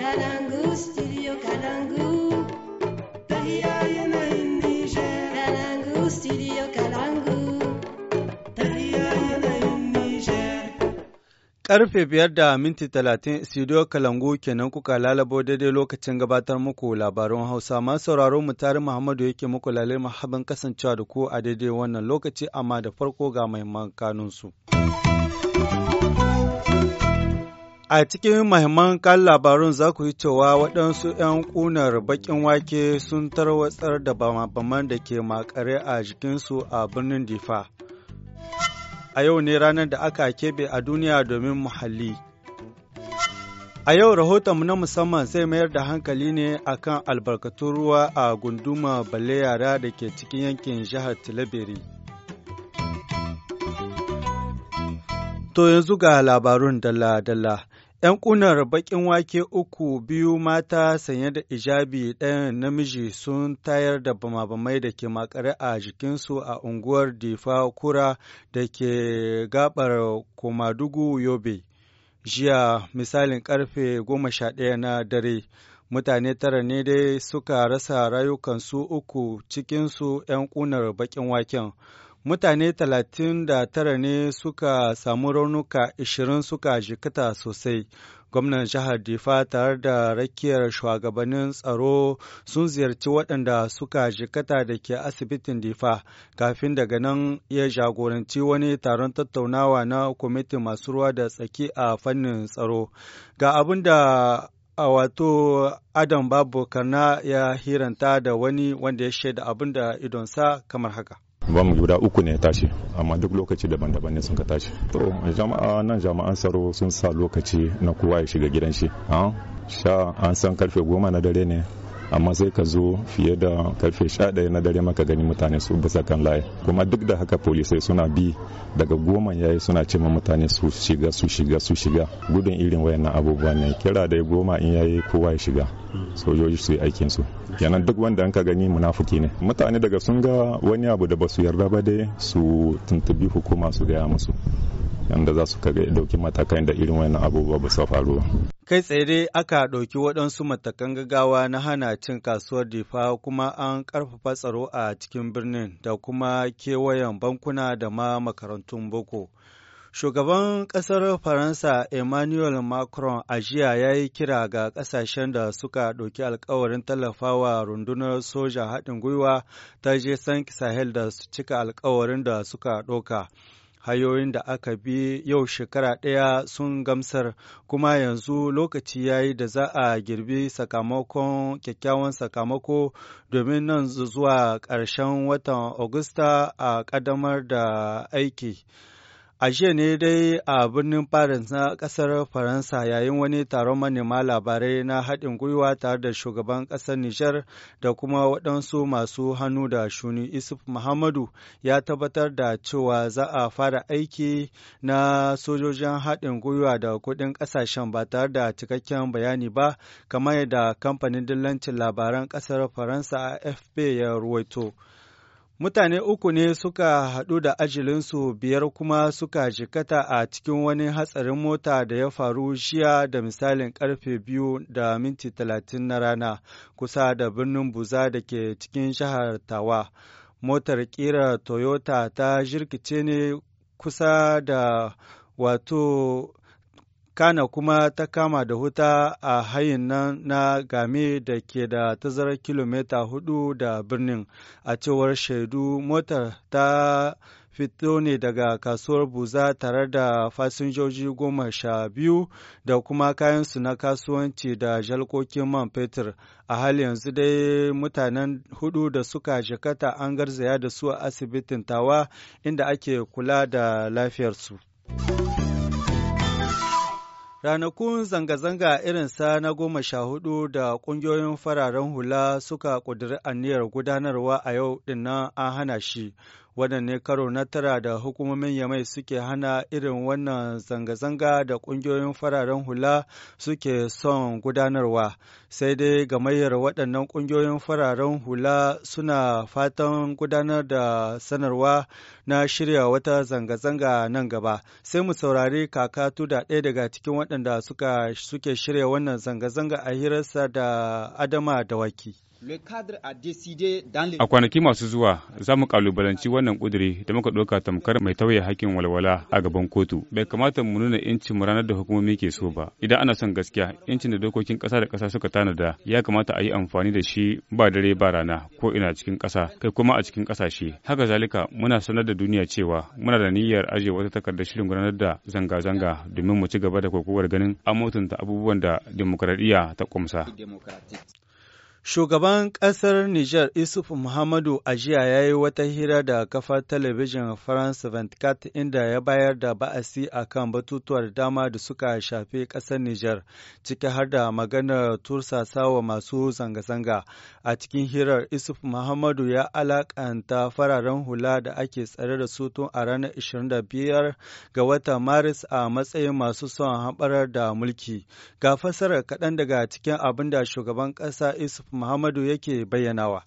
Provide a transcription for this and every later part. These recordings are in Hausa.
Kalangu, Karfe biyar da minti talatin studio Kalangu kenan kuka lalabo daidai lokacin gabatar muku labarun Hausa. Masu sauraro mu tare Muhammadu yake muku lalai mahabin kasancewa da ku a daidai wannan lokaci amma da farko ga mahimman kanunsu. A cikin mahimman kan labarun za ku yi cewa waɗansu 'yan ƙunar baƙin wake sun tarwatsar da bama-baman da ke makare a jikinsu a birnin Difa. A yau ne ranar da aka keɓe a duniya domin muhalli. A yau rahotonmu na musamman zai mayar da hankali ne a kan albarkatun ruwa a gunduma balle yara da ke cikin yankin jihar Tilabiri. To yanzu ga labarun dala dalla ‘Yan ƙunar baƙin wake uku biyu mata sanye da ijabi ɗayan namiji sun tayar da bamabamai da ke makare a jikinsu a unguwar Difa Kura da ke gabar Komadugu Yobe. Jiya misalin ƙarfe goma sha ɗaya na dare, mutane tara ne dai suka rasa rayukansu uku cikinsu ‘yan ƙunar baƙin waken. mutane talatin da tara ne suka samu raunuka ashirin suka jikata sosai. Gwamnan jihar Difa tare da rakiyar shugabannin tsaro sun ziyarci waɗanda suka jikata da ke asibitin Difa kafin daga nan ya jagoranci wani taron tattaunawa na kwamitin masu ruwa da tsaki a fannin tsaro. Ga abin da a wato Adam Babu Karna ya hiranta da wani wanda ya shaida abin da idonsa kamar haka. ba mu guda uku ne ya tashi amma duk lokaci daban-daban ne sun ka tashi to jama'a nan jama'an tsaro sun sa lokaci na kowa ya shiga gidan shi ah, sha an san karfe goma na dare ne amma sai ka zo fiye da karfe 11 na dare maka gani mutane su bisa kan layi kuma duk da haka polisai suna bi daga goma yayi suna ce mutane su shiga su shiga su shiga gudun irin wayannan abubuwa ne kira da goma in yayi kowa ya shiga sojoji su yi aikin su kenan duk wanda an ka gani munafuki ne mutane daga sun ga wani abu da basu yarda ba dai su tuntubi hukuma su gaya musu yadda za su dauki matakai da irin wani abubuwa ba su faru kai tsere aka ɗauki waɗansu matakan gaggawa na hana cin kasuwar difa kuma an ƙarfafa tsaro a cikin birnin da kuma kewayen bankuna da ma makarantun boko Shugaban ƙasar Faransa Emmanuel Macron a jiya ya yi kira ga ƙasashen da suka ɗauki alkawarin tallafawa rundunar soja haɗin gwiwa ta je san Sahel da su cika alkawarin da suka ɗauka. hayoyin da aka bi yau shekara ɗaya sun gamsar kuma yanzu lokaci ya yi da za a girbi sakamakon kyakkyawan sakamako domin nan zuwa ƙarshen watan Agusta a ƙaddamar da aiki. A jiya ne dai a birnin Paris na ƙasar Faransa yayin wani taron manema labarai na haɗin gwiwa tare da shugaban ƙasar Nijar da kuma waɗansu masu hannu da shuni Isuf Muhammadu ya tabbatar da cewa za a fara aiki na sojojin haɗin gwiwa da kuɗin ƙasashen ba tare da cikakken bayani ba kamar yadda kamfanin dillancin labaran ƙasar Faransa AFP ya ruwaito. Mutane uku ne suka haɗu da ajilinsu biyar kuma suka jikata a cikin wani hatsarin mota da ya faru shiya da misalin karfe biyu da minti talatin na rana kusa da birnin Buza da ke cikin jihar Tawa. Motar ƙira Toyota ta jirkice ne kusa da wato kana kuma ta kama da wuta a hayin nan na game da ke da tazarar kilomita hudu da birnin a cewar shaidu motar ta fito ne daga kasuwar buza tare da fasinjoji goma sha biyu da kuma kayansu na kasuwanci da jalkokin man fetur a hali yanzu dai mutanen hudu da suka jikata an garzaya da su a asibitin tawa inda ake kula da lafiyarsu. Ranakun zanga-zanga irin sa na goma sha hudu da ƙungiyoyin fararen hula suka ƙudiri aniyar gudanarwa a yau dinnan an hana shi. Wannan ne karo na tara da hukumomin Yamai suke hana irin wannan zanga-zanga da ƙungiyoyin fararen hula suke son gudanarwa. Sai dai gamayyar waɗannan ƙungiyoyin fararen hula suna fatan gudanar da sanarwa na shirya wata zanga-zanga nan gaba. Sai mu saurari kakatu da ɗaya daga cikin waɗanda suke shirya wannan zanga-zanga a hirarsa da Adama da waki. A kwanaki masu zuwa za mu kalubalanci wannan kuduri da muka ɗauka tamkar mai tauye hakkin walwala a gaban kotu. Bai kamata mu nuna incin mu ranar da hukumomi ke so ba. Idan ana son gaskiya, incin da dokokin ƙasa da ƙasa suka tanada ya kamata a yi amfani da shi ba dare ba rana ko ina cikin ƙasa, kai kuma a cikin ƙasashe. Haka zalika muna sanar da duniya cewa muna da niyyar ajiye wata takardar shirin gudanar da zanga-zanga domin mu ci gaba da kokowar ganin an mutunta abubuwan da dimokuraɗiyya ta kumsa. Shugaban ƙasar Nijar Isuf Muhammadu a jiya ya yi wata hira da kafar talabijin France 24 inda ya bayar da ba'asi a kan batutuwar dama da suka shafi ƙasar Nijar, ciki har da maganar wa masu zanga-zanga. A cikin hirar Isuf Muhammadu ya alaƙanta fararen hula da ake tsare da su tun a ranar 25 ga watan Maris a matsayin masu son haɓarar da mulki. Ga fassara kaɗan daga cikin abin da shugaban ƙasa Isuf Muhammadu yake bayyanawa.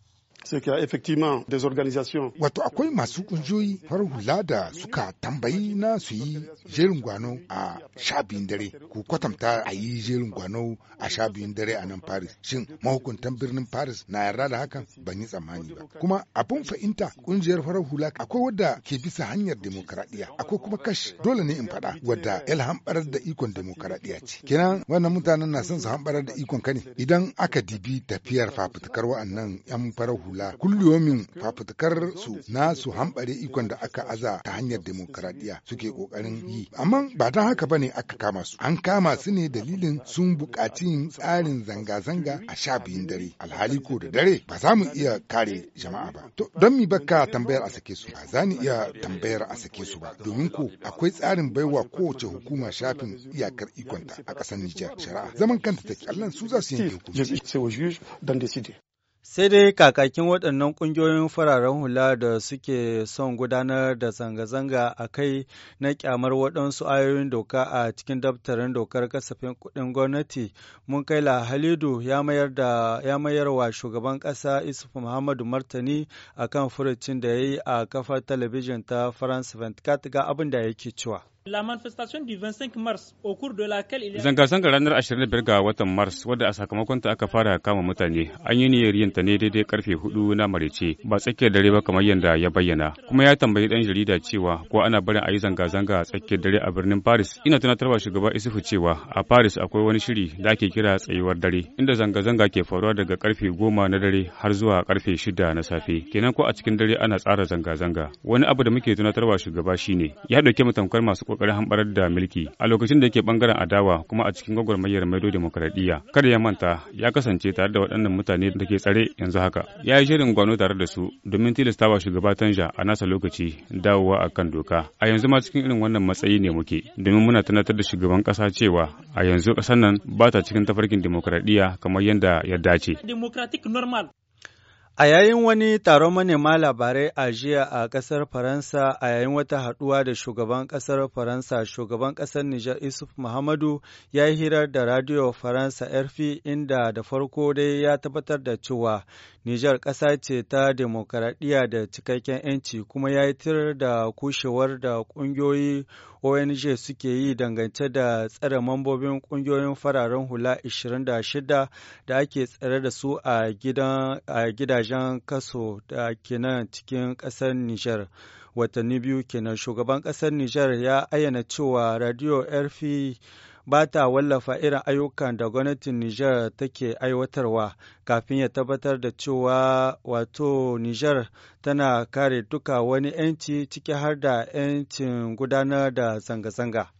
Wato akwai masu kunjoyi har hula da suka tambayi na su yi jerin gwano a sha dare. Ku kwatanta a yi jerin gwano a sha dare a nan Paris. Shin mahukuntan birnin Paris na yarda da hakan ban yi tsammani ba. Kuma abin fahimta kungiyar farar hula akwai wadda ke bisa hanyar demokaradiyya akwai kuma kash dole ne in fada wadda yal barar da ikon demokaradiyya ce. Kenan wannan mutanen na son su hamɓarar da ikon ka ne idan aka dibi tafiyar fafutukar wa'annan 'yan farar hula hula kulliyomin fafutukar su na su hambare ikon da aka aza ta hanyar demokaradiyya suke kokarin yi amma ba don haka bane aka kama su an kama su ne dalilin sun buƙaci yin tsarin zanga-zanga a sha biyun dare alhali ko da dare ba za mu iya kare jama'a ba to don mi baka tambayar a sake su ba za ni iya tambayar a sake su ba domin ko akwai tsarin baiwa kowace hukuma shafin iyakar ikonta a ƙasar Nijar shari'a zaman kanta take Allah su za su yanke hukunci Sai dai kakakin waɗannan ƙungiyoyin fararen hula da suke son gudanar da zanga-zanga a kai na kyamar waɗansu ayoyin doka a cikin daftarin dokar kasafin kuɗin gwamnati, mun kai Halidu ya mayar wa shugaban ƙasa isuf Muhammadu Martani akan furucin da ya yi a kafar talabijin ta France 24 ga abin da yake cewa. Zanga-zangar ranar 25 ga watan Mars wadda a sakamakonta aka fara kama mutane an yi niyyar yin ta ne daidai karfe hudu na marece ba tsakiyar dare ba kamar yadda ya bayyana kuma ya tambayi dan jarida cewa ko ana barin a yi zanga-zanga a tsakiyar dare a birnin Paris ina tunatarwa shugaba Isufu cewa a Paris akwai wani shiri da ake kira tsayuwar dare inda zanga-zanga ke faruwa daga karfe goma na dare har zuwa karfe shida na safe kenan ko a cikin dare ana tsara zanga-zanga wani abu da muke tunatarwa shugaba shine ya dauke mu masu masu kokarin hambarar da mulki a lokacin da yake bangaren adawa kuma a cikin gwagwarmayar maido demokradiyya kada ya manta ya kasance tare da waɗannan mutane da ke tsare yanzu haka ya yi shirin gwano tare da su domin tilasta tilastawa shugaba tanja a nasa lokaci dawowa a kan doka a yanzu ma cikin irin wannan matsayi ne muke domin muna tunatar da shugaban ƙasa cewa a yanzu ƙasar nan ba ta cikin tafarkin demokradiyya kamar yadda ya dace A yayin wani taron manema labarai a jiya a ƙasar Faransa a yayin wata haɗuwa da shugaban ƙasar Faransa, shugaban ƙasar Nijar Isuf Muhammadu ya yi hirar da Radio Faransa RFI inda da farko dai ya tabbatar da cewa Nijar ƙasa ce ta demokaradiyya da cikakken 'yanci kuma ya yi tir da kushewar da ƙungiyoyi ONG suke yi dangance da tsare mambobin ƙungiyoyin fararen hula 26 da ake tsare da su a gidajen kaso da kenan cikin ƙasar Nijar. Watanni biyu kenan shugaban ƙasar Nijar ya ayyana cewa Radio RFI ba ta wallafa irin ayyukan da gwamnatin Nijar take aiwatarwa kafin ya tabbatar da cewa wato Nijar tana kare duka wani 'yanci ciki har da 'yancin gudanar da zanga-zanga.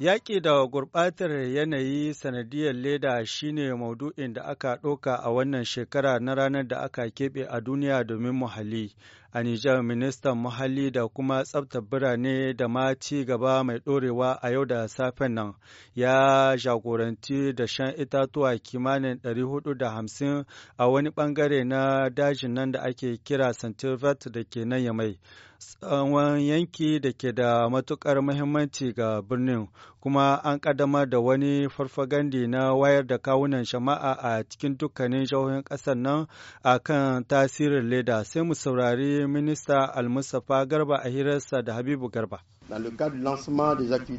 Yaƙi da gurɓatar yanayi sanadiyar leda shine maudu'in da aka ɗauka a wannan shekara na ranar da aka keɓe a duniya domin muhalli. A Nijar, ministan muhalli da kuma tsabta birane da ma ci gaba mai ɗorewa a yau da safen nan ya jagoranci da shan itatuwa kimanin 450 a wani ɓangare na dajin nan da ake kira Santirvat da ke nan Yamai. tsawon yanki da ke da matuƙar muhimmanci ga birnin kuma an ƙaddamar da wani farfagandi na wayar da kawunan shama'a a cikin dukkanin jihohin ƙasar nan a kan tasirin leda sai mu saurari minista almustapha garba a hirarsa da habibu garba Bisa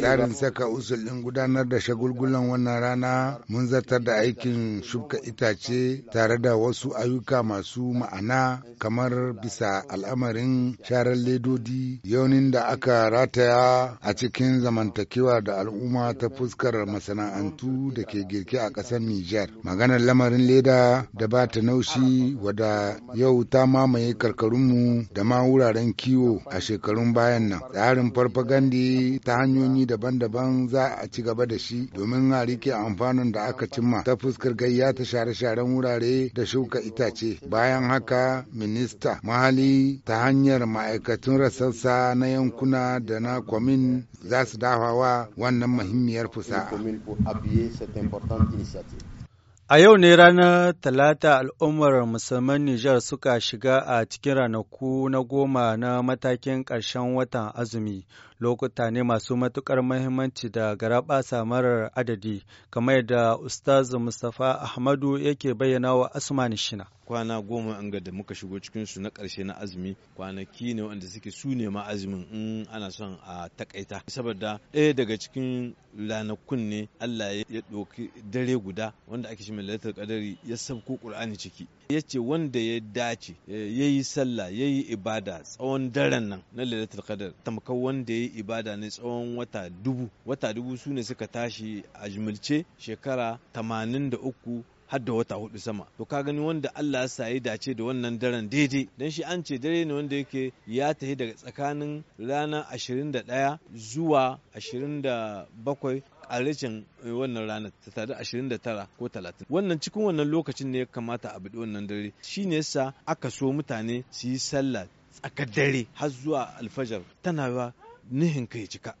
tsarin saka usulin gudanar da shagulgulan wannan rana mun zartar da aikin shuka itace tare da wasu ayyuka masu ma'ana kamar bisa al'amarin sharar ledodi yaunin da aka rataya a cikin zaman zamantakewa da al'umma ta fuskar masana'antu da ke girke a ƙasar Nijar. Maganar lamarin leda da ba ta naushi wada yau ta mamaye karkarunmu da ma wuraren kiwo a shekarun bayan nan. Tsarin farfagandi ta hanyoyi daban-daban za a ci gaba da shi domin a rike amfanin da aka cimma ta fuskar gayya ta share-sharen wurare da shuka itace. Bayan haka minista mahali ta hanyar ma'aikatun rasassa na yankuna da na kwamin za su dawo tallafawa wannan muhimmiyar fusaha A yau ne ranar Talata al'ummar musulman Nijar suka shiga a cikin ranaku na goma na matakin ƙarshen watan azumi, lokuta ne masu matuƙar mahimmanci da garaɓasa marar adadi kamar da Ustaz Mustapha Ahmadu yake bayyana wa Asman Shina. Kwana goma an da muka shigo cikinsu na ƙarshe na azumi kwanaki ne wanda suke su ne ma azumin in ana son a takaita. Saboda ɗaya daga cikin ranakun ne Allah ya ɗauki dare guda wanda ake shi mai kadari ya sabko Ƙur'ani ciki. ya ce wanda ya dace eh, ya yi sallah ya yi ibada tsawon daren nan na lalatar kadar tamkar wanda ya yi ibada ne tsawon wata dubu wata dubu su ne suka tashi a jimilce shekara 83 har da wata hudu sama to ka gani wanda Allah ya yi dace da wannan daren daidai dan shi an ce dare ne wanda yake ya tafi daga tsakanin rana 21 zuwa bakwai. a rashin eh, wannan ranar ta tare 29 ko 30 wannan cikin wannan lokacin ne ya kamata a bude wannan dare shine yasa aka so mutane su yi sallah tsakar dare har zuwa alfajar tana nihin kai cika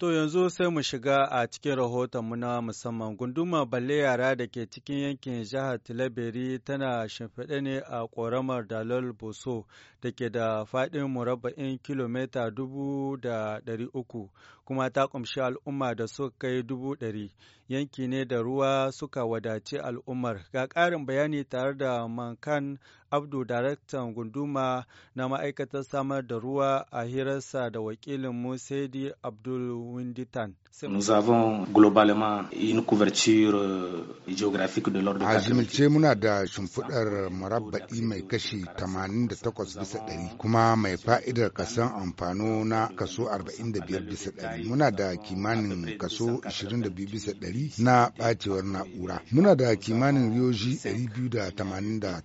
To yanzu sai mu shiga a cikin rahoton rahotonmu na musamman gunduma balle yara da ke cikin yankin jihar Tilaberi tana shimfiɗe ne a ƙoramar Dalol Boso da ke da faɗin murabba'in kilomita dubu da ɗari uku kuma ta ƙumshi al'umma da suka kai dubu ɗari. Yanki ne da ruwa suka wadaci al'ummar. Ga ƙarin bayani tare da Mankan Abdu daraktan gunduma na ma'aikatar samar da ruwa a hirarsa da wakilin musaidi Abdul Winditan. Nous avons globalement une couverture euh, géographique de l'ordre A jimilce muna da shimfiɗar marabba'i mai kashi 88 bisa ɗari kuma mai fa'idar kasan amfano na kaso 45 bisa ɗari. Muna da kimanin kaso 22 bisa ɗari na ɓacewar na'ura. Muna da kimanin riyoji 288 da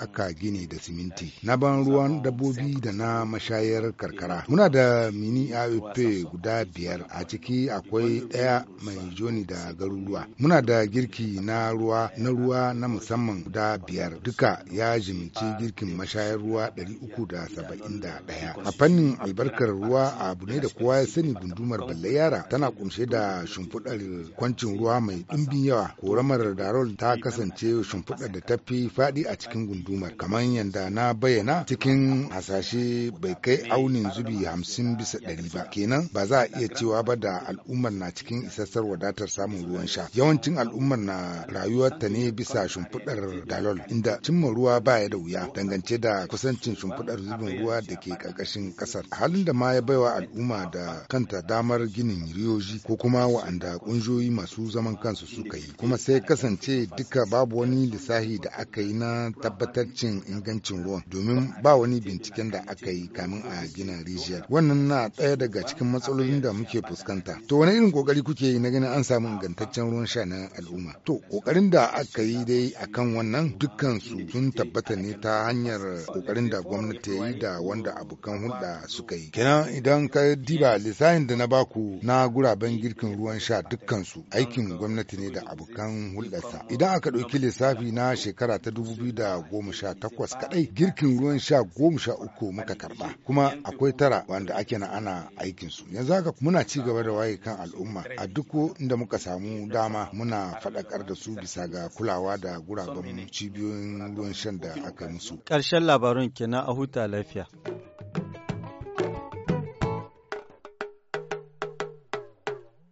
aka aka gini da siminti na ban ruwan dabbobi da na mashayar karkara muna da mini AOP guda biyar a ciki akwai ɗaya mai joni da garuruwa muna da girki na ruwa na ruwa na musamman guda biyar duka ya jimici girkin mashayar ruwa ɗaya. a fannin albarkar ruwa abu ne da kowa ya sani gundumar balle yara tana kumshe da shimfiɗar kwancin ruwa mai ɗumbin yawa koramar darol ta kasance shimfiɗar da ta fi faɗi a cikin gundumar kamar yadda na bayyana cikin hasashe bai kai aunin zubi hamsin bisa ɗari ba kenan ba za a iya cewa ba da al'ummar na cikin isassar wadatar samun ruwan sha yawancin al'ummar na rayuwarta ne bisa shimfiɗar dalol inda cimma ruwa baya da wuya dangance da kusancin shimfiɗar zubin ruwa da ke ƙarƙashin ƙasar halin da ma ya baiwa al'umma da kanta damar ginin riyoji ko kuma wa'anda ƙungiyoyi masu zaman kansu suka yi kuma sai kasance duka babu wani lissahi da aka yi na tabbatar cin ingancin ruwan domin ba wani binciken da aka yi kamin a gina rijiyar wannan na ɗaya daga cikin matsalolin da muke fuskanta to wani irin kokari kuke yi na ganin an samu ingantaccen ruwan sha na al'umma to kokarin da aka yi dai akan wannan dukkan su sun tabbata ne ta hanyar kokarin da gwamnati ya yi da wanda abokan hulɗa suka yi kenan idan ka diba lissafin da na baku na guraben girkin ruwan sha dukkan su aikin gwamnati ne da abokan hulɗarsa idan aka ɗauki lissafi na shekara ta dubu biyu da goma sha takwas kadai girkin ruwan sha goma sha uku muka karba kuma akwai tara wanda ake na ana aikin su yanzu haka muna ci gaba da waye kan al'umma a duk inda muka samu dama muna fadakar da su bisa ga kulawa da guraben cibiyoyin ruwan shan da aka musu karshen labarun kenan a huta lafiya